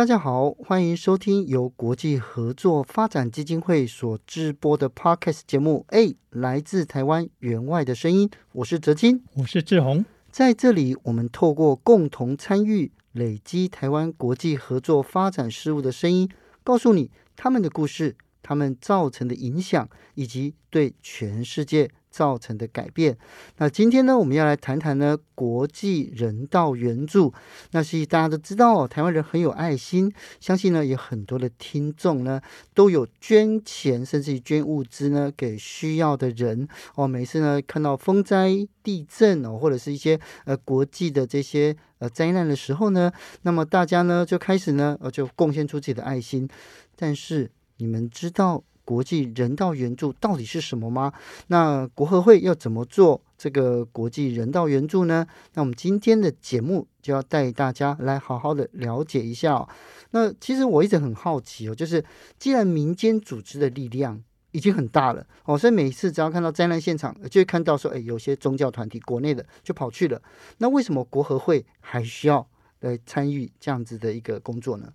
大家好，歡迎收聽由國際合作發展基金會所製播的 Podcast 節目，欸，來自台灣援外的聲音，我是哲青，我是志宏，在這裡，我們透過共同參與，累積台灣國際合作發展事務的聲音，告訴你他們的故事。他們造成的影響，以及對全世界造成的改變。那今天呢，我們要來談談呢國際人道援助。那是大家都知道，台灣人很有愛心，相信呢有很多的聽眾呢都有捐錢，甚至於捐物資呢給需要的人。哦，每次呢看到風災、地震哦，或者是一些呃國際的這些呃災難的時候呢，那麼大家呢就開始呢，呃，就貢獻出自己的愛心，但是，你們知道國際人道援助到底是什麼嗎？那國合會要怎麼做這個國際人道援助呢？那我們今天的節目就要帶大家來好好的了解一下哦。那其實我一直很好奇哦，就是既然民間組織的力量已經很大了哦，所以每次只要看到災難現場，就會看到說，哎，有些宗教團體、國內的就跑去了。那為什麼國合會還需要來參與這樣子的一個工作呢？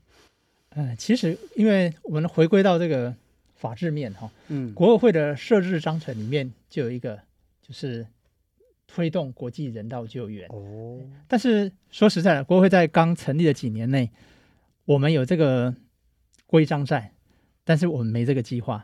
嗯，其實因為我們回歸到這個法制面哈、哦，嗯，國合會的設置章程裡面就有一個，就是推動國際人道救援。哦，但是說實在的，國合會在剛成立的幾年內，我們有這個規章在，但是我們沒這個計劃，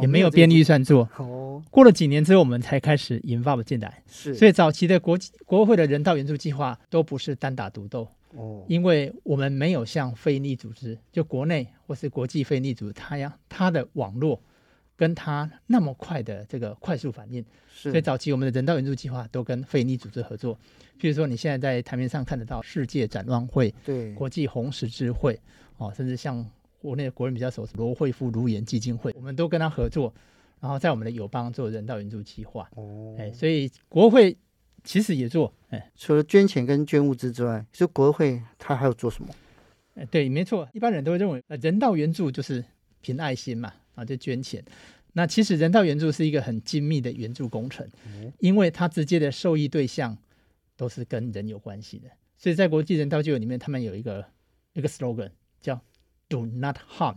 也沒有編預算做。這個、哦，過了幾年之後，我們才開始引發了進來。是，所以早期的國國合會的人道援助計劃都不是單打獨鬥。哦，因為我們沒有像非營利組織，就國內或是國際非營利組織，他呀，他的網絡跟他那麼快的這個快速反應，是所以早期我們的人道援助計劃都跟非營利組織合作。譬如說你現在在台面上看得到世界展望會，對國際紅十字會、啊，甚至像國內國人比較熟羅慧夫顱顏基金會，我們都跟他合作，然後在我們的友邦做人道援助計劃、哦欸，所以國會。其實也做，哎，除了捐錢跟捐物資之外，就國合會他還要做什麼？哎，對，沒錯，一般人都會認為，呃，人道援助就是憑愛心嘛，啊，就捐錢。那其實人道援助是一個很精密的援助工程，哎、因為它直接的受益對象都是跟人有關係的。所以在國際人道救援裡面，他們有一個一個 slogan 叫 “Do no harm”，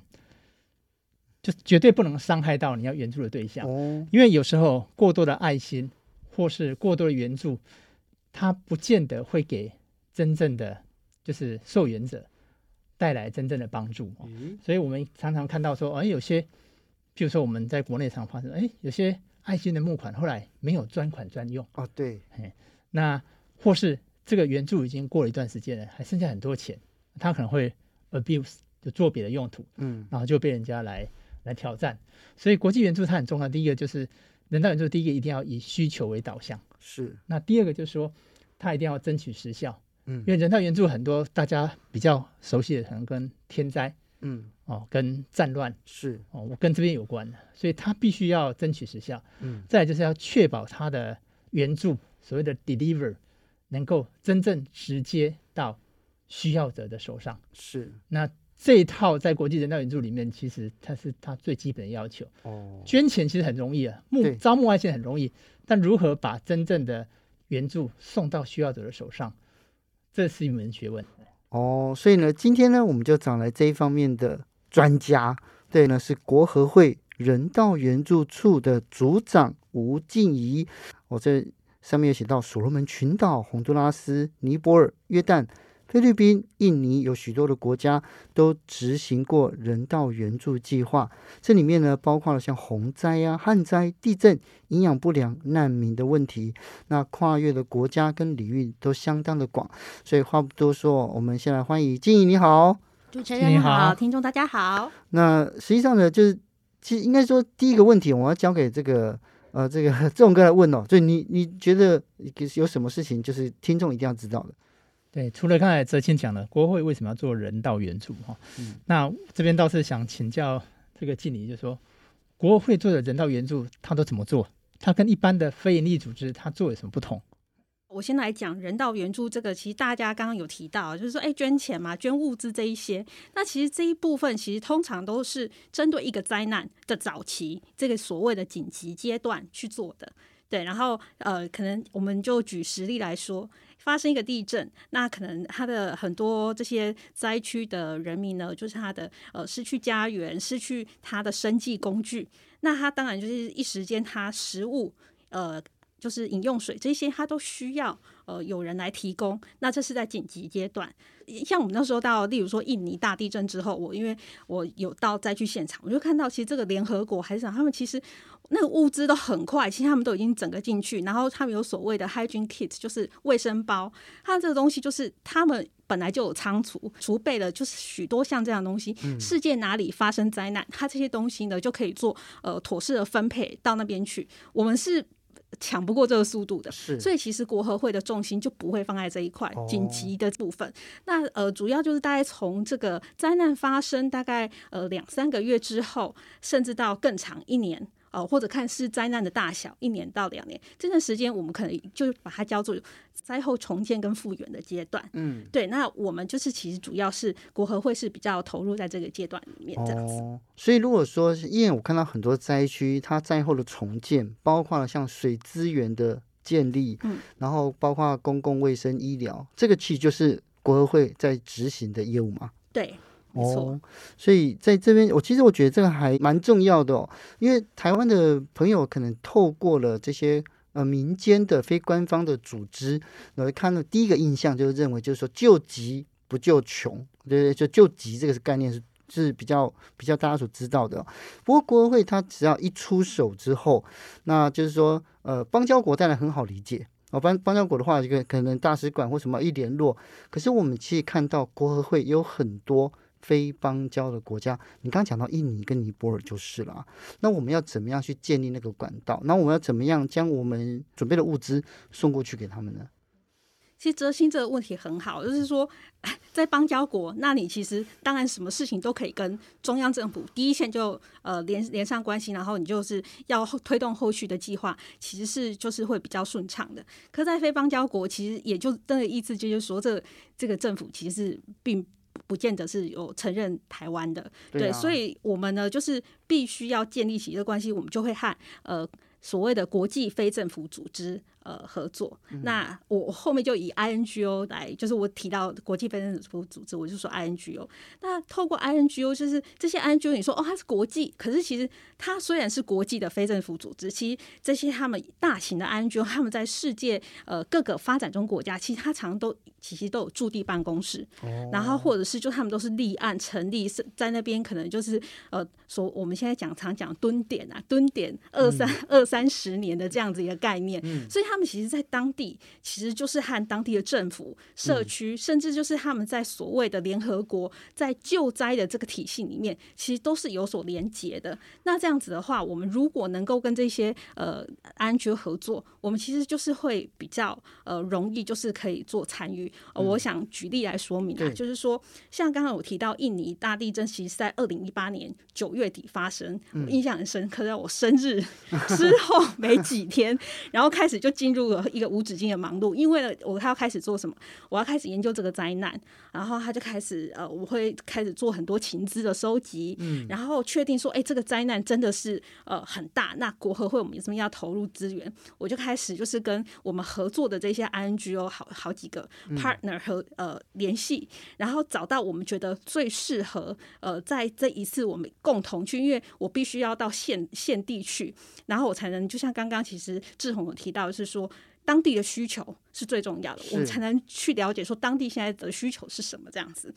就絕對不能傷害到你要援助的對象。哦、哎，因為有時候過多的愛心。或是過多的援助，它不見得會給真正的就是受援者帶來真正的幫助。嗯，所以我們常常看到說，哎，有些，譬如說我們在國內常發生，哎，有些愛心的募款後來沒有專款專用啊，對，那或是這個援助已經過了一段時間了，還剩下很多錢，他可能會 abuse 就做別的用途，嗯，然後就被人家來來挑戰。所以國際援助它很重要，第一個就是。人道援助第一個一定要以需求為導向，是。那第二個就是說，他一定要爭取時效，嗯，因為人道援助很多大家比較熟悉的可能跟天災，嗯，哦，跟戰亂，是。哦，跟這邊有關的，所以他必須要爭取時效，嗯。再來就是要確保他的援助所謂的 deliver 能夠真正直接到需要者的手上，是。那這一套在國際人道援助裡面，其實它是它最基本的要求。捐錢其實很容易啊，招募外線很容易，但如何把真正的援助送到需要者的手上，這是一門學問。哦，所以呢，今天呢，我們就找來這一方面的專家，對呢，是國合會人道援助處的組長吳靜怡。我、哦、這上面有寫到索羅門群島、宏都拉斯、尼泊爾、約旦。菲律賓、印尼有許多的國家都執行過人道援助計劃，這裡面呢包括了像洪災啊、旱災、地震、營養不良、難民的問題，那跨越的國家跟領域都相當的廣。所以話不多說，我們先來歡迎靜怡，你好，主持人好，你好聽眾大家好。那實際上呢，就是其實應該說第一個問題，我要交給這個呃這個哲青哥來問哦，所以你你覺得有什麼事情，就是聽眾一定要知道的。對，除了剛才哲青講的，國合會為什麼要做人道援助？哈、嗯，那這邊倒是想請教這個靜怡就是說國合會做的人道援助，他都怎麼做？他跟一般的非營利組織，他做有什麼不同？我先來講人道援助這個，其實大家剛剛有提到，就是說，哎，捐錢嘛，捐物資這一些，那其實這一部分，其實通常都是針對一個災難的早期，這個所謂的緊急階段去做的。對，然後呃，可能我們就舉實例來說。發生一個地震，那可能他的很多這些災區的人民呢，就是他的呃失去家園，失去他的生計工具，那他當然就是一時間他食物呃就是飲用水這些他都需要呃有人來提供，那這是在緊急階段。像我們那時候到，例如說印尼大地震之後，我因為我有到災區現場，我就看到其實這個聯合國還是想他們其實那個物資都很快，其實他們都已經整個進去，然後他們有所謂的 hygiene kit，就是衛生包，它這個東西就是他們本來就有倉儲儲備了，就是許多像這樣東西，世界哪裡發生災難，嗯、它這些東西呢就可以做呃妥善的分配到那邊去。我們是。搶不過這個速度的，是所以其實國合會的重心就不會放在這一塊緊急的部分。哦、那呃，主要就是大概從這個災難發生大概呃兩三個月之後，甚至到更長一年哦、呃，或者看是災難的大小，一年到兩年這段時間，我們可能就把它叫做。災後重建跟復原的階段，嗯，對，那我們就是其實主要是國合會是比較投入在這個階段裡面這樣子、哦。所以如果說，因為我看到很多災區，它災後的重建，包括了像水資源的建立，嗯、然後包括公共衛生醫療，這個其實就是國合會在執行的業務嘛。嗯、對，沒錯、哦、所以在這邊，我其實我覺得這個還蠻重要的、哦，因為台灣的朋友可能透過了這些。呃，民間的非官方的組織，我、呃、會看到第一個印象就是認為，就是說救急不救窮，對，對就救急這個概念是是比較比較大家所知道的。不過國合會它只要一出手之後，那就是說呃邦交國當然很好理解啊，邦邦交國的話，這個可能大使館或什麼一聯絡，可是我們其實看到國合會有很多。非邦交的國家，你剛剛講到印尼跟尼泊爾就是了啊。那我們要怎麼樣去建立那個管道？那我們要怎麼樣將我們準備的物資送過去給他們呢？其實哲青這個問題很好，就是說在邦交國，那你其實當然什麼事情都可以跟中央政府第一線就呃連連上關係，然後你就是要推動後續的計劃，其實是就是會比較順暢的。可在非邦交國，其實也就真的意思就是說這，這這個政府其實並。不見得是有承認台灣的，對，對啊。所以我們呢，就是必須要建立起一個關係，我們就會和呃所謂的國際非政府組織。呃，合作。嗯、那我後面就以 INGO 來，就是我提到國際非政府組織，我就說 INGO。那透過 INGO，就是這些 NGO，你說哦，它是國際，可是其實它雖然是國際的非政府組織，其實這些他們大型的 NGO，他們在世界呃各個發展中國家，其實他常都其實都有駐地辦公室，哦、然後或者是就他們都是立案成立是在那邊，可能就是呃說我們現在講常講蹲點啊，蹲點二三、嗯、二三十年的這樣子一個概念，嗯、所以他。他們其實，在當地其實就是和當地的政府、社區，嗯、甚至就是他們在所謂的聯合國在救災的這個體系裡面，其實都是有所連結的。那這樣子的話，我們如果能夠跟這些呃安全合作，我們其實就是會比較呃容易，就是可以做參與。呃、嗯、我想舉例來說明啊，對就是說像剛剛我提到印尼大地震，其實是在二零一八年九月底發生，嗯、我印象很深刻，在我生日之後沒幾天， 然後開始就進。進入了一個無止境的忙碌，因為呢，我還要開始做什麼？我要開始研究這個災難，然後他就開始呃，我會開始做很多情資的收集，嗯，然後確定說，哎、欸，這個災難真的是呃很大，那國合會我們怎麼樣要投入資源？我就開始就是跟我們合作的這些 NGO 好好幾個 partner 和呃聯繫，然後找到我們覺得最適合呃在這一次我們共同去，因為我必須要到現現地去，然後我才能就像剛剛其實志宏有提到的是。說當地的需求是最重要的。是我們才能去了解說當地現在的需求是什麼這樣子。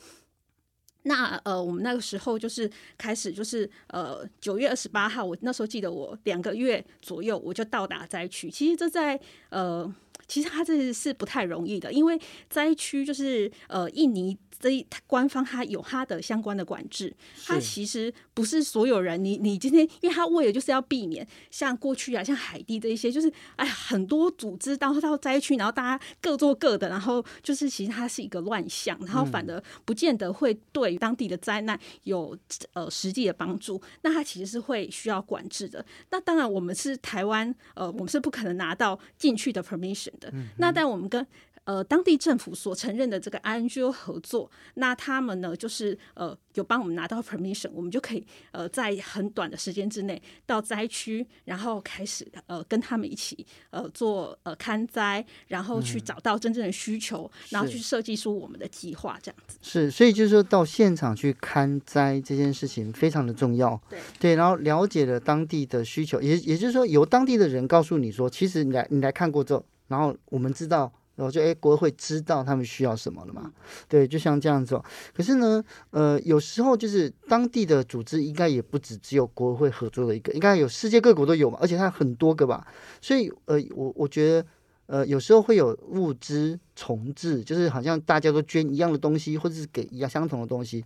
那呃，我們那個時候就是開始，就是呃，九月二十八號，我那時候記得我兩個月左右，我就到達災區。其實這在呃，其實它這是不太容易的，因為災區就是呃，印尼，這一官方它有他的相關的管制，他是其實不是所有人，你你今天，因為他為了就是要避免像過去啊，像海地這一些，就是哎，很多組織到到災區，然後大家各做各的，然後就是其實它是一個亂象，然後反而不見得會對當地的災難有、嗯、呃實際的幫助。那他其實是會需要管制的。那當然，我們是台灣，呃，我們是不可能拿到進去的 permission 的。嗯嗯，那但我們跟呃，當地政府所承認的這個 INGO 合作，那他們呢，就是呃，有幫我們拿到 permission，我們就可以呃，在很短的時間之內到災區，然後開始呃，跟他們一起呃，做呃勘災，然後去找到真正的需求，嗯、然後去設計出我們的計劃，是這樣子。是，所以就是說，到現場去勘災這件事情非常的重要。對對，然後了解了當地的需求，也也就是說，由當地的人告訴你說，其實你來你來看過之後，然後我們知道。然後、哦、就誒、哎，國合會知道他們需要什麼了嘛？對，就像這樣子、哦。可是呢，呃，有時候就是當地的組織應該也不止只有國合會合作的一個，應該有世界各國都有嘛，而且它很多個吧。所以呃，我我覺得呃，有時候會有物資重置，就是好像大家都捐一樣的東西，或者是給一樣相同的東西。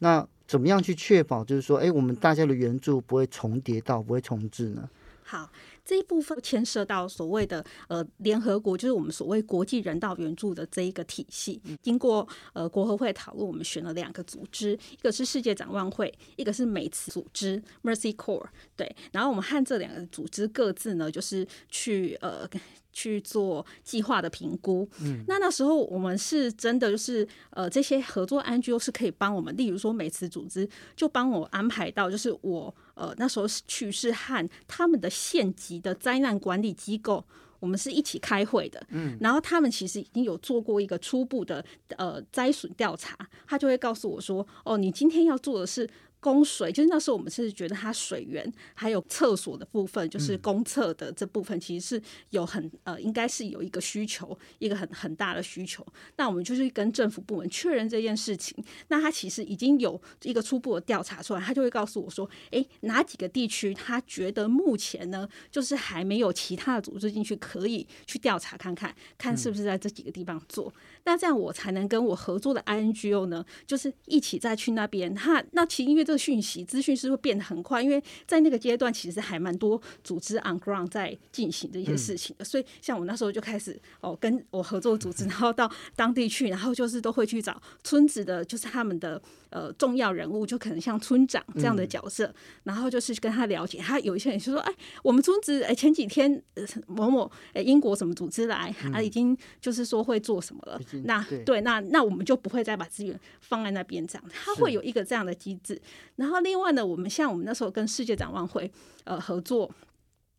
那怎麼樣去確保就是說，哎，我們大家的援助不會重疊到，不會重置呢？好。這一部分牽涉到所謂的呃聯合國，就是我們所謂國際人道援助的這一個體系。經過呃國合會討論，我們選了兩個組織，一個是世界展望會，一個是美慈組織 Mercy Corps。對，然後我們和這兩個組織各自呢，就是去呃去做計劃的評估。嗯，那那時候我們是真的就是呃這些合作 NGO 是可以幫我們，例如說美慈組織就幫我安排到就是我。呃，那時候是去是和他們的縣級的災難管理機構，我們是一起開會的。嗯，然後他們其實已經有做過一個初步的呃災損調查，他就會告訴我說：“哦，你今天要做的是。”供水就是那時候，我們是覺得它水源還有廁所的部分，就是公廁的這部分，嗯、其實是有很呃，應該是有一個需求，一個很很大的需求。那我們就去跟政府部門確認這件事情。那他其實已經有一個初步的調查出來，他就會告訴我說：“誒、欸，哪幾個地區，他覺得目前呢，就是還沒有其他的組織進去，可以去調查看看，看是不是在這幾個地方做。嗯、那這樣我才能跟我合作的 INGO 呢，就是一起再去那邊。他那其實因為。這個訊息、資訊是會變得很快，因為在那個階段，其實還蠻多組織 on ground 在進行這些事情的。嗯、所以，像我那時候就開始哦，跟我合作組織，然後到當地去，然後就是都會去找村子的，就是他們的呃重要人物，就可能像村長這樣的角色，嗯、然後就是跟他了解。他有一些人就說：“哎，我們村子哎前幾天、呃、某某哎英國什麼組織來啊，已經就是說會做什麼了。”那對那那我們就不會再把資源放在那邊這樣，他會有一個這樣的機制。然後另外呢，我們像我們那時候跟世界展望會，呃合作，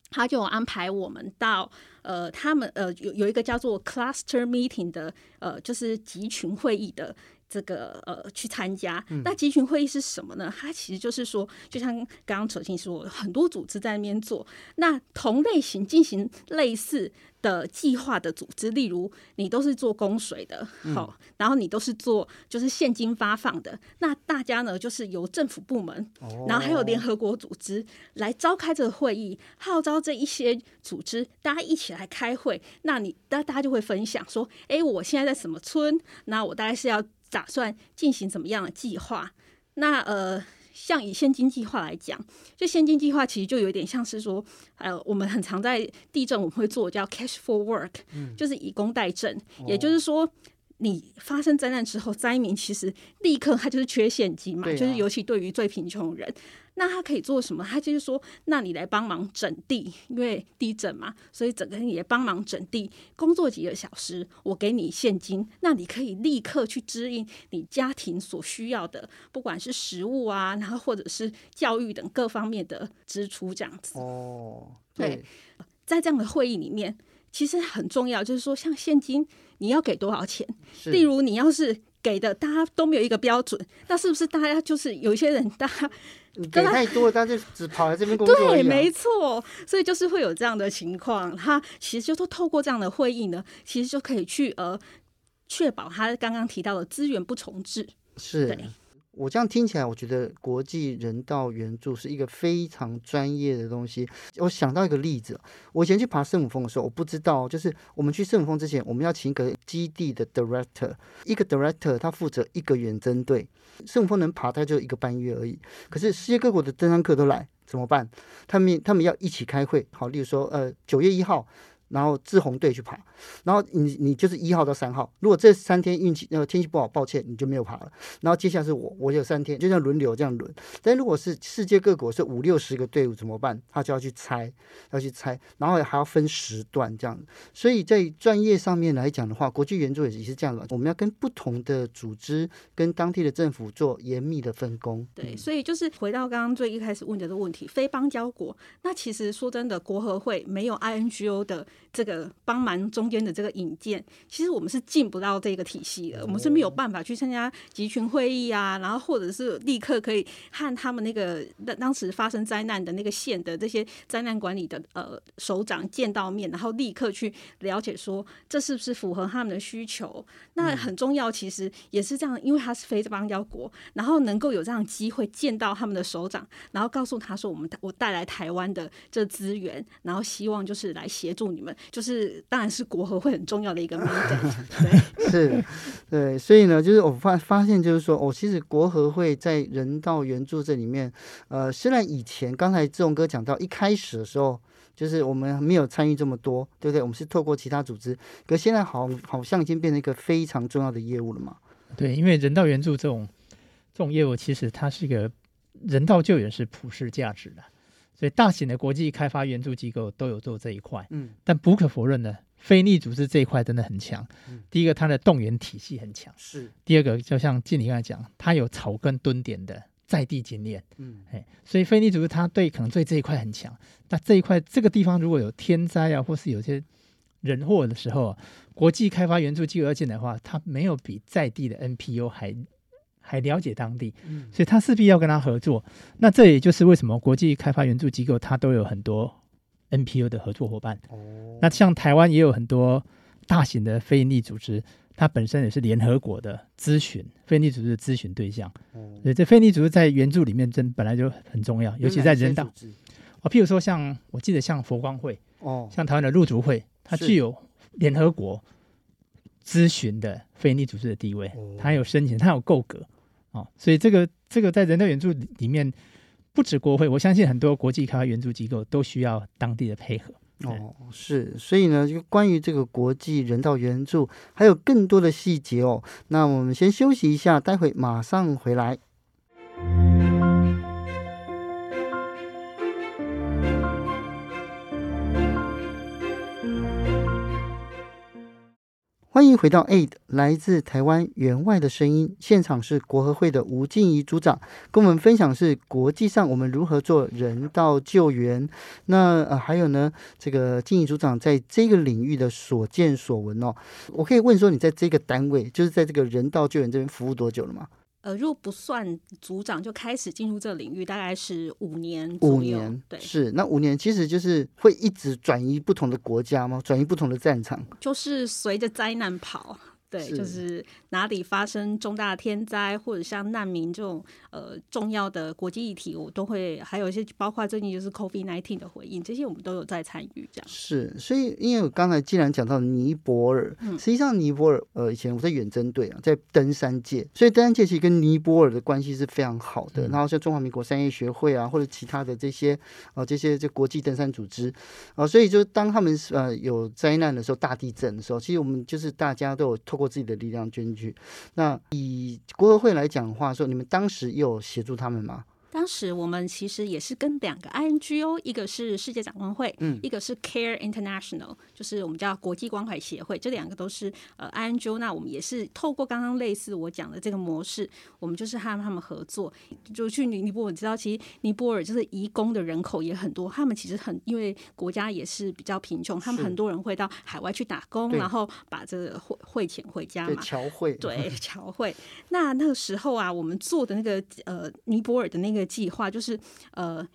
他就安排我們到呃他們呃有有一個叫做 Cluster Meeting 的呃就是集群會議的。這個呃，去參加、嗯、那集群會議是什麼呢？它其實就是說，就像剛剛哲青說，很多組織在那邊做。那同類型進行類似的計劃的組織，例如你都是做供水的，好，嗯，然後你都是做就是現金發放的，那大家呢就是由政府部門，哦、然後還有聯合國組織來召開這個會議，號召這一些組織大家一起來開會。那你大家就會分享說，哎，我現在在什麼村？那我大概是要。打算進行怎麼樣的計劃？那呃，像以現金計劃來講，就現金計劃其實就有點像是說，呃，我們很常在地震我們會做叫 cash for work，、嗯、就是以工代賑。哦、也就是說，你發生災難之後，災民其實立刻他就是缺現金嘛，啊、就是尤其對於最貧窮的人。那他可以做什麼？他就是說，那你來幫忙整地，因為地震嘛，所以整個人也幫忙整地，工作幾個小時，我給你現金，那你可以立刻去支應你家庭所需要的，不管是食物啊，然後或者是教育等各方面的支出，這樣子。哦，對，對，在這樣的會議裡面，其實很重要，就是說，像現金你要給多少錢？是例如，你要是。給的大家都沒有一個標準，那是不是大家就是有一些人大，大家給太多，大家就只跑來這邊工作啊？對，沒錯，所以就是會有這樣的情況。他其實就都透過這樣的會議呢，其實就可以去呃確保他剛剛提到的資源不重置，是的。對。我這樣聽起來，我覺得國際人道援助是一個非常專業的東西。我想到一個例子，我以前去爬聖母峰的時候，我不知道，就是我們去聖母峰之前，我們要請一個基地的 director，一個 director 他負責一個遠征隊。聖母峰能爬，它就一個半月而已。可是世界各國的登山客都來，怎麼辦？他們他們要一起開會。好，例如說，呃，九月一號。然後志宏隊去爬，然後你你就是一號到三號，如果這三天運氣那天氣不好，抱歉，你就沒有爬了。然後接下來是我，我有三天，就像輪流這樣輪。但如果是世界各國是五六十個隊伍怎麼辦？他就要去猜，要去猜，然後還要分時段這樣。所以在專業上面來講的話，國際援助也是也是這樣的，我們要跟不同的組織跟當地的政府做嚴密的分工。嗯、對，所以就是回到剛剛最一開始問的這個問題，非邦交國，那其實說真的，國合會沒有 INGO 的。這個幫忙中間的這個引薦，其實我們是進不到這個體系的，嗯、我們是沒有辦法去參加集群會議啊，然後或者是立刻可以和他們那個那當時發生災難的那個縣的這些災難管理的呃首長見到面，然後立刻去了解說這是不是符合他們的需求。那很重要，其實也是這樣，因為他是非這邦交國，然後能夠有這樣的機會見到他們的首長，然後告訴他說我們我帶來台灣的這資源，然後希望就是來協助你們。就是，當然是國合會很重要的一個。 對，是，對，所以呢，就是我發發現，就是說我、哦、其實國合會在人道援助這裡面，呃，雖然以前剛才志宏哥講到一開始的時候，就是我們沒有參與這麼多，對不對？我們是透過其他組織，可現在好像好像已經變成一個非常重要的業務了嘛？對，因為人道援助這種這種業務，其實它是一個人道救援是普世價值的。所以大型的國際開發援助機構都有做這一塊，嗯，但不可否認的，非利組織這一塊真的很強。嗯、第一個，它的動員體系很強；是第二個，就像靜怡剛才講，它有草根蹲點的在地經驗，嗯，欸，所以非利組織它對可能對這一塊很強。那這一塊這個地方如果有天災啊，或是有些人禍的時候，國際開發援助機構要進來的話，它沒有比在地的 NPO 還。還了解當地，所以他勢必要跟他合作。嗯、那這也就是為什麼國際開發援助機構它都有很多 NPO 的合作夥伴。嗯、那像台灣也有很多大型的非營利組織，它本身也是聯合國的諮詢非營利組織的諮詢對象。嗯、所以這非營利組織在援助裡面真本來就很重要，尤其在人道。啊、哦，譬如說像我記得像佛光會，哦，像台灣的路竹會，它具有聯合國諮詢的非營利組織的地位，嗯、它有申請，它有夠格。哦，所以這個這個在人道援助裡面，不止，國合會，我相信很多國際開發援助機構都需要當地的配合。哦，是，所以呢，就關於這個國際人道援助，還有更多的細節哦。那我們先休息一下，待會馬上回來。歡迎回到 AID，來自台灣援外的聲音。現場是國合會的吳靜怡組長跟我們分享，是國際上我們如何做人道救援。那呃，還有呢，這個靜怡組長在這個領域的所見所聞哦。我可以問說，你在這個單位，就是在這個人道救援這邊服務多久了嗎？呃，如果不算組長，就開始進入這個領域，大概是五年左右，五年，對，是那五年，其實就是會一直轉移不同的國家嗎？轉移不同的戰場，就是隨着災難跑。對，就是哪裡發生重大的天災或者像難民這種呃重要的國際議題，我都會還有一些包括最近就是 COVID nineteen 的回應，這些我們都有在參與。這樣是，所以因為我剛才既然講到尼泊爾，嗯、實際上尼泊爾呃以前我在遠征隊啊，在登山界，所以登山界其實跟尼泊爾的關係是非常好的。然後像中華民國山岳學會啊，或者其他的這些啊、呃、這些這國際登山組織啊、呃，所以就當他們呃有災難的時候，大地震的時候，其實我們就是大家都有托。過自己的力量捐出去。那以國合會來講的話，說你們當時有協助他們嗎？當時我們其實也是跟兩個 INGO，哦，一個是世界展望會，嗯，一個是 Care International，就是我們叫國際關懷協會，這兩個都是呃 INGO，那我們也是透過剛剛類似我講的這個模式，我們就是和他們合作，就去尼尼泊爾。你知道其實尼泊爾就是移工的人口也很多，他們其實很，因為國家也是比較貧窮，他們很多人會到海外去打工，對然後把這個匯匯錢回家嘛。僑匯，對，僑匯。對，僑匯 那那個時候啊，我們做的那個呃尼泊爾的那個。的計劃就是，呃。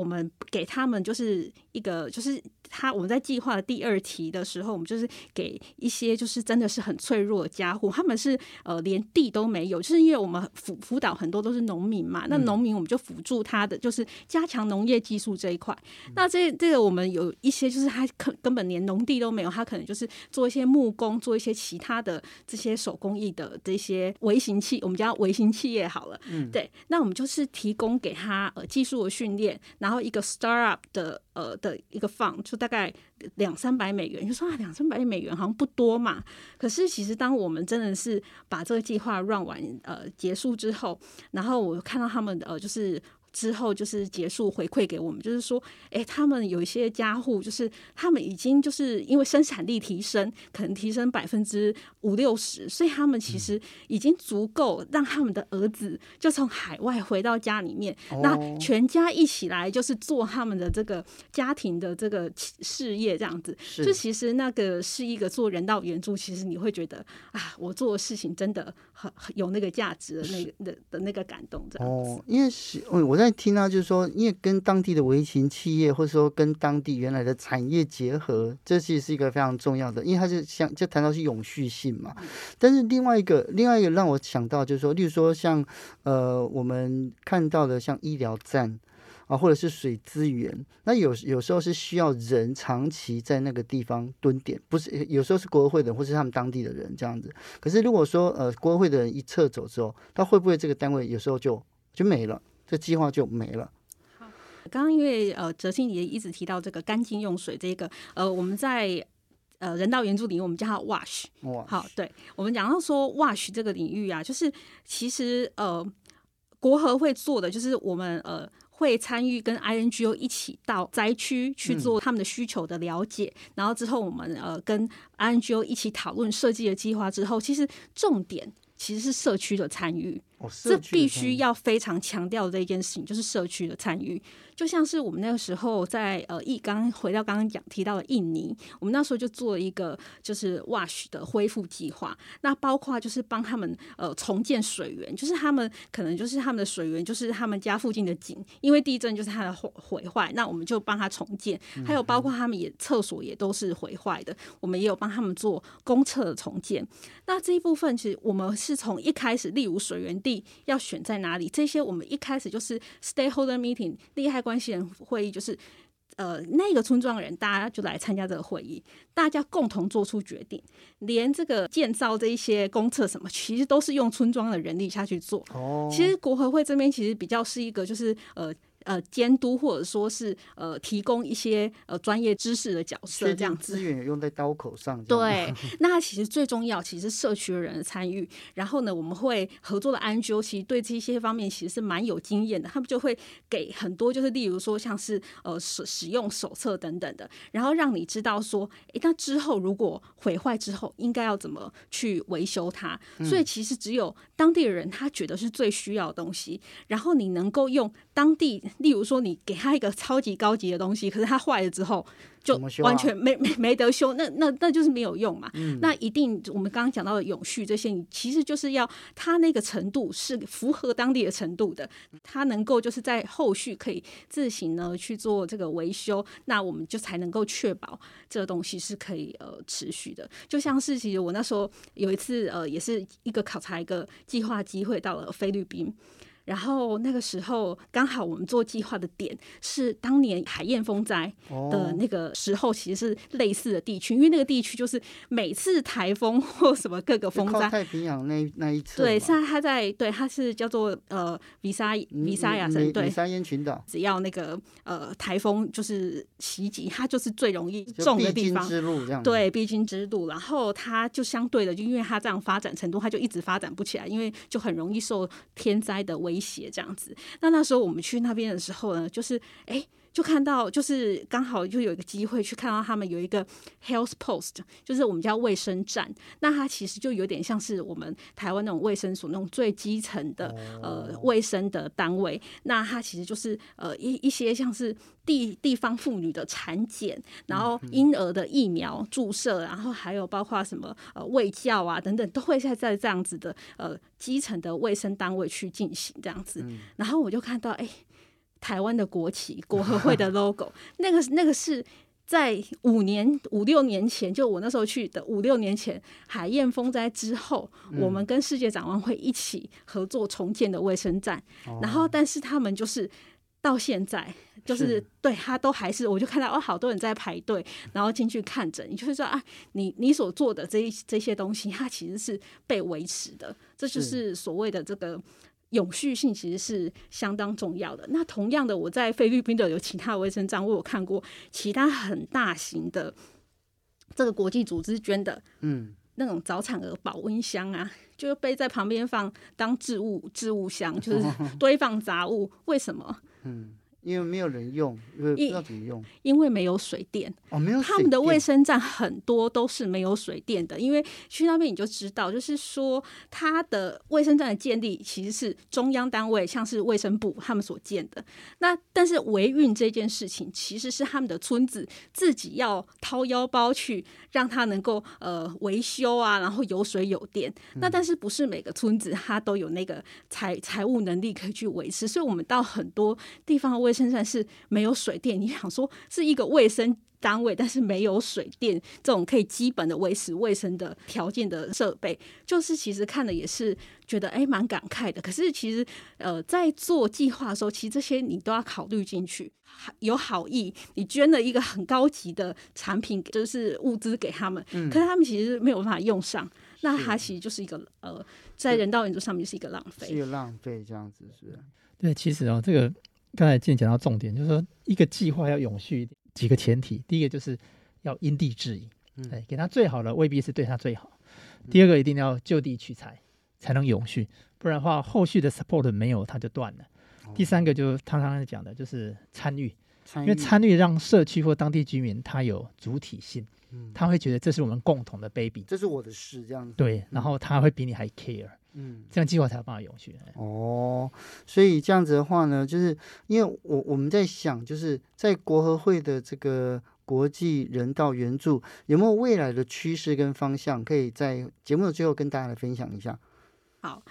我們給他們就是一個，就是他我們在計劃的第二題的時候，我們就是給一些就是真的是很脆弱的家戶。他們是呃連地都沒有，就是因為我們輔輔導很多都是農民嘛，那農民我們就輔助他的，就是加強農業技術這一塊。那這個這個我們有一些就是他可根本連農地都沒有，他可能就是做一些木工，做一些其他的這些手工藝的這些微型企。我們叫微型企業好了。對，那我們就是提供給他呃技術的訓練，然後一個 startup 的呃的一個 fund，就大概兩三百美元，就說啊兩三百美元好像不多嘛。可是其實當我們真的是把這個計劃 run 完，呃結束之後，然後我看到他們的呃就是。之後就是結束回饋給我們，就是說，哎、欸，他們有一些家戶，就是他們已經就是因為生產力提升，可能提升百分之五六十，所以他們其實已經足夠讓他們的兒子就從海外回到家裡面，哦、那全家一起來就是做他們的這個家庭的這個事業，這樣子。是就其實那個是一個做人道援助，其實你會覺得啊，我做的事情真的很有那個價值的那個的是的那個感動這樣子。哦，因為是，我、嗯。那聽到就是說，因為跟當地的微型企業，或者說跟當地原來的產業結合，這其實是一個非常重要的。因為它是像就談到是永續性嘛。但是另外一個另外一個讓我想到就是說，例如說像呃我們看到的像醫療站啊，或者是水資源，那有有時候是需要人長期在那個地方蹲點，不是有時候是國合會的人或是他們當地的人這樣子。可是如果說呃國合會的人一撤走之後，他會不會這個單位有時候就就，就沒了？這計劃就沒了。好，剛剛因為呃，哲青也一直提到這個乾淨用水這個，呃，我們在呃人道援助領域，我們叫它 wash。WASH。好，對，我們講到說 wash 這個領域啊，就是其實呃，國合會做的就是我們呃會參與跟 INGO 一起到災區去做他們的需求的了解，嗯、然後之後我們呃跟 INGO 一起討論設計的計劃之後，其實重點其實是社區的參與。哦、這必須要非常強調的一件事情，就是社區的參與。就像是我們那個時候在呃印，剛回到剛剛講提到的印尼，我們那時候就做了一個就是 WASH 的恢復計劃，那包括就是幫他們呃重建水源，就是他們可能就是他們的水源就是他們家附近的井，因為地震就是它的毀壞，那我們就幫他重建。還有包括他們也廁所也都是毀壞的，我們也有幫他們做公廁的重建。那這一部分其實我們是從一開始，例如水源地，要選在哪裡？這些我們一開始就是 stakeholder meeting 利害關係人會議，就是呃那個村莊的人大家就來參加這個會議，大家共同做出決定，連這個建造這一些公廁什麼，其實都是用村莊的人力下去做。Oh. 其實國合會這邊其實比較是一個就是呃。呃，監督或者說是呃，提供一些呃專業知識的角色，這樣，這樣子資源也用在刀口上。對，那其實最重要，其實是社區的人的參與。然後呢，我們會合作的安 g 其實對這些方面其實是蠻有經驗的。他們就會給很多，就是例如說，像是呃使使用手冊等等的，然後讓你知道說誒，那之後如果毀壞之後，應該要怎麼去維修它。嗯、所以其實只有當地的人，他覺得是最需要的東西。然後你能夠用當地。例如說，你給他一個超級高級的東西，可是它壞了之後，就完全沒、啊、沒沒得修，那那那就是沒有用嘛。嗯、那一定，我們剛剛講到的永續這些，你其實就是要它那個程度是符合當地的程度的，它能夠就是在後續可以自行呢去做這個維修，那我們就才能夠確保這個東西是可以呃持續的。就像是其實我那時候有一次呃，也是一個考察一個計劃機會，到了菲律賓。然後那個時候剛好我們做計劃的點是當年海燕風災的那個時候，其實是類似的地區，哦、因為那個地區就是每次台風或什麼各個風災，太平洋那那一次對，現在它在對，它是叫做呃米沙米沙鄢省對，米沙鄢群島，只要那個呃台風就是襲擊它，就是最容易中的地方，對，必經之路，然後它就相對的，就因為它這樣發展程度，它就一直發展不起來，因為就很容易受天災的危。寫這樣子，那那時候我們去那邊的時候呢，就是哎。欸就看到，就是剛好就有一個機會去看到他們有一個 health post，就是我們叫衛生站。那它其實就有點像是我們台灣那種衛生所那種最基層的、oh. 呃衛生的單位。那它其實就是呃一一些像是地地方婦女的產檢，然後嬰兒的疫苗注射，嗯、哼然後還有包括什麼呃衛教啊等等，都會在在這樣子的呃基層的衛生單位去進行這樣子。然後我就看到，哎、欸。台灣的國旗、國合會的 logo， 那個那個是在五年、五六年前，就我那時候去的。五六年前海燕風災之後，嗯、我們跟世界展望會一起合作重建的衛生站。哦、然後，但是他們就是到現在，就是，是對他都還是，我就看到哦，好多人在排隊，然後進去看診。你就是說啊，你你所做的這一這些東西，它、啊、其實是被維持的。這就是所謂的這個。永續性其實是相當重要的。那同樣的，我在菲律賓的有其他衛生站，我有看過其他很大型的這個國際組織捐的，嗯，那種早產兒保溫箱啊，嗯、就被在旁邊放當置物置物箱，就是堆放雜物。 為什麼？嗯。因為沒有人用，因為不知道怎麼用，因為沒有水電。哦，沒有他們的衛生站很多都是沒有水電的，因為去那邊你就知道，就是說他的衛生站的建立其實是中央單位，像是衛生部他們所建的。那但是維運這件事情其實是他們的村子自己要掏腰包去讓它能夠呃維修啊，然後有水有電。嗯、那但是不是每個村子他都有那個財財務能力可以去維持，所以我們到很多地方的衛現在是沒有水電，你想說是一個衛生單位，但是沒有水電這種可以基本的維持衛生的條件的設備，就是其實看了也是覺得哎，蠻、欸、感慨的。可是其實呃，在做計劃的時候，其實這些你都要考慮進去。有好意，你捐了一個很高級的產品，就是物資給他們，嗯，可是他們其實沒有辦法用上，是那它其實就是一個呃，在人道援助上面就是一個浪費，是一個浪費，這樣子是。對，其實哦，這個。剛才既然講到重點，就是說一個計劃要永續，幾個前提。第一個就是要因地制宜，哎，給他最好的未必是對他最好。第二個一定要就地取材，才能永續。不然的話，後續的 support 沒有，它就斷了。哦、第三個就是他剛才講的，就是參與，參與，因為參與讓社區或當地居民他有主體性。他會覺得這是我們共同的 baby，這是我的事，這樣子。對，然後他會比你還 care，嗯，這樣計劃才有辦法永續。嗯、哦，所以這樣子的話呢，就是因為我我們在想，就是在國合會的這個國際人道援助，有沒有未來的趨勢跟方向，可以在節目的最後跟大家來分享一下。好，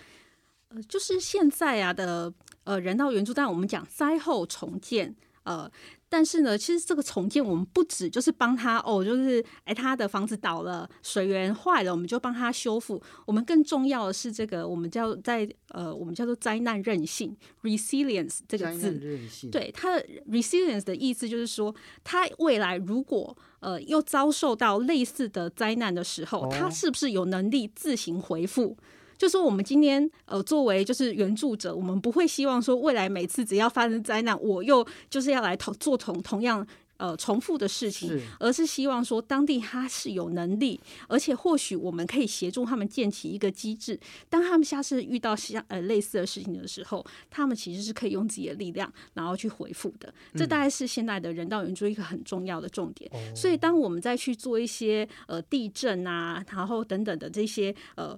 呃，就是現在啊的呃人道援助，但我們講災後重建，呃。但是呢，其實這個重建我們不只就是幫他哦，就是哎，他的房子倒了，水源壞了，我們就幫他修復。我們更重要的是這個，我們叫在呃，我們叫做災難韌性 （resilience） 這個字。災難韌性對，它的 resilience 的意思就是說，它未來如果呃又遭受到類似的災難的時候，它、哦、是不是有能力自行回復？就說我們今天呃，作為就是援助者，我們不會希望說未來每次只要發生災難，我又就是要來同做同同樣呃重複的事情，是，而是希望說當地他是有能力，而且或許我們可以協助他們建起一個機制，當他們下次遇到像呃類似的事情的時候，他們其實是可以用自己的力量然後去回復的。這大概是現在的人道援助一個很重要的重點。嗯、所以當我們再去做一些呃地震啊，然後等等的這些呃。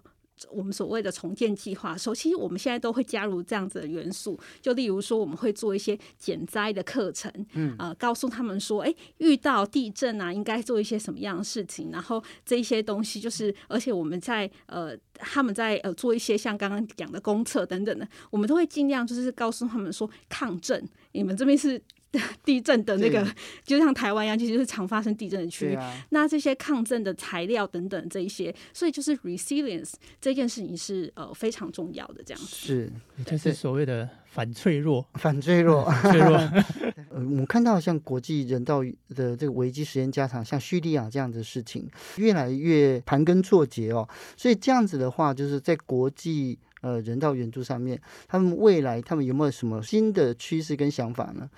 我們所謂的重建計劃的時候，其實我們現在都會加入這樣子的元素，就例如說我們會做一些減災的課程，嗯啊、呃，告訴他們說，誒，遇到地震啊，應該做一些什麼樣的事情，然後這一些東西就是，而且我們在呃，他們在呃做一些像剛剛講的公廁等等的，我們都會盡量就是告訴他們說，抗震，你們這邊是。 地震的那個，對就像台灣一樣，其實是常發生地震的區域。啊、那這些抗震的材料等等這一些，所以就是 resilience 這件事情是呃非常重要的。這樣子是對就是所謂的反脆弱，反脆弱。脆弱、 呃。我們看到像國際人道的這個危機時間加長，像敘利亞這樣的事情越來越盤根錯節哦。所以這樣子的話，就是在國際呃人道援助上面，他們未來他們有沒有什麼新的趨勢跟想法呢？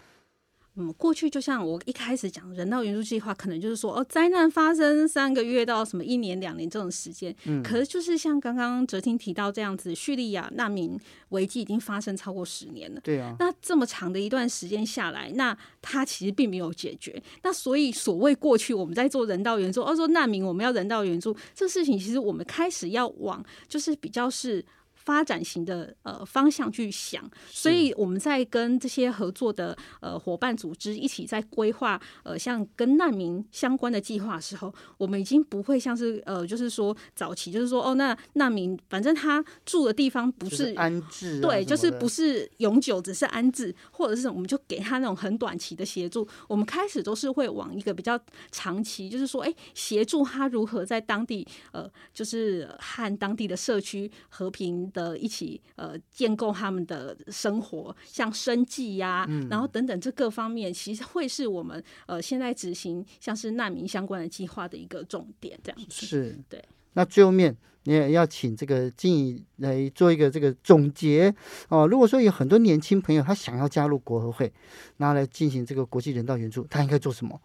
嗯，過去就像我一開始講，人道援助計劃可能就是說，哦，災難發生三個月到什麼一年兩年這種時間。嗯。可是就是像剛剛哲青提到這樣子，敘利亞難民危機已經發生超過十年了。對啊。那這麼長的一段時間下來，那它其實並沒有解決。那所以所謂過去我們在做人道援助，要、哦、說難民我們要人道援助這事情，其實我們開始要往就是比較是。發展型的呃方向去想，所以我們在跟這些合作的呃夥伴組織一起在規劃呃像跟難民相關的計劃的時候，我們已經不會像是呃就是說早期就是說哦那難民反正他住的地方不是，就是安置、啊、對就是不是永久只是安置，或者是我們就給他那種很短期的協助。我們開始都是會往一個比較長期，就是說誒、欸、協助他如何在當地呃就是和當地的社區和平，的一起呃建構他們的生活，像生計呀、啊，嗯、然後等等這各方面，其實會是我們呃現在執行像是難民相關的計劃的一個重點，這樣子是對。那最後面，你也要請這個靜怡來做一個這個總結哦。如果說有很多年輕朋友他想要加入國合會，然後來進行這個國際人道援助，他應該做什麼？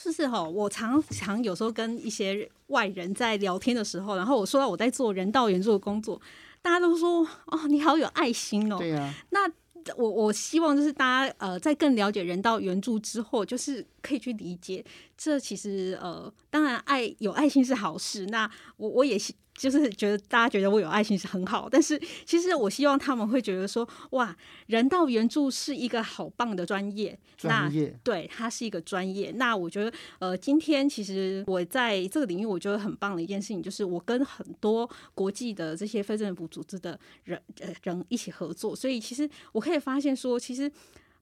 是是哈、哦，我常常有時候跟一些外人在聊天的時候，然後我說到我在做人道援助的工作，大家都說，哦，你好有愛心哦。對呀、啊，那我我希望就是大家呃，在更了解人道援助之後，就是可以去理解，這其實呃，當然愛有愛心是好事。那我我也是。就是覺得大家覺得我有愛心是很好，但是其實我希望他們會覺得說，哇，人道援助是一個好棒的專業。專業。那對，它是一個專業。那我覺得，呃，今天其實我在這個領域，我覺得很棒的一件事情，就是我跟很多國際的這些非政府組織的人呃人一起合作，所以其實我可以發現說，其實。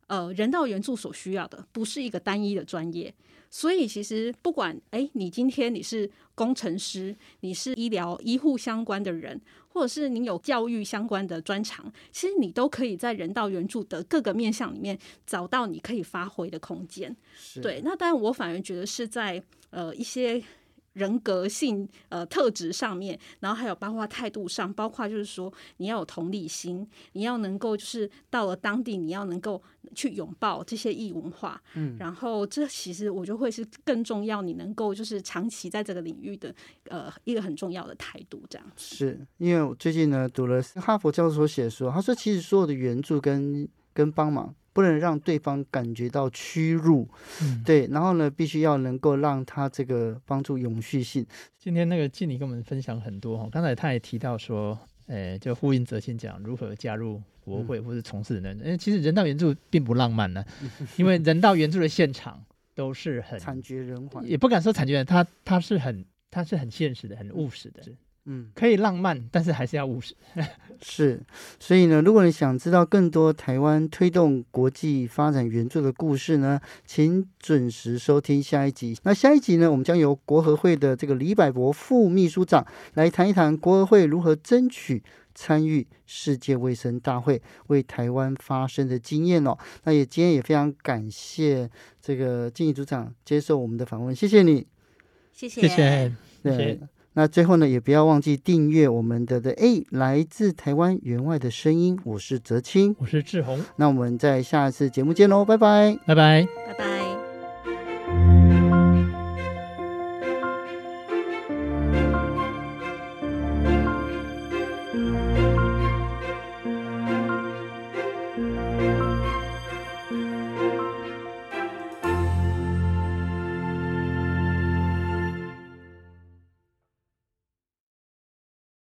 呃，人道援助所需要的不是一個單一的專業，所以其實不管誒，你今天你是工程師，你是醫療醫護相關的人，或者是你有教育相關的專長，其實你都可以在人道援助的各個面向裡面找到你可以發揮的空間。是對，那當然我反而覺得是在呃一些。人格性呃特質上面，然後還有包括態度上，包括就是說你要有同理心，你要能夠就是到了當地，你要能夠去擁抱這些異文化，嗯，然後這其實我就會是更重要，你能夠就是長期在這個領域的呃一個很重要的態度，這樣。是因為我最近呢讀了哈佛教授所寫的書，他說其實所有的援助跟跟幫忙。不能讓對方感覺到屈辱，嗯、對，然後呢，必須要能夠讓他這個幫助永續性。今天那個靜怡跟我們分享很多哈，剛才他也提到說，誒、哎，就呼應哲青講如何加入國合會或者從事人，誒、嗯，因為其實人道援助並不浪漫呢、啊， 因為人道援助的現場都是很慘絕人寰，也不敢說慘絕人，他他是很他是很現實的，很務實的。嗯，可以浪漫，但是還是要務實。是，所以呢，如果你想知道更多台灣推動國際發展援助的故事呢，請準時收聽下一集。那下一集呢，我們將由國合會的這個李百博副秘書長來談一談國合會如何爭取參與世界衛生大會為台灣發聲的經驗哦。那也今天也非常感謝這個靜怡組長接受我們的訪問，謝謝你，謝謝，對謝謝，謝謝。那最後呢，也不要忘記訂閱我們的的 a、欸、來自台灣援外的聲音。我是哲青，我是志宏。那我們在下一次節目見嘍，拜拜，拜拜，拜拜。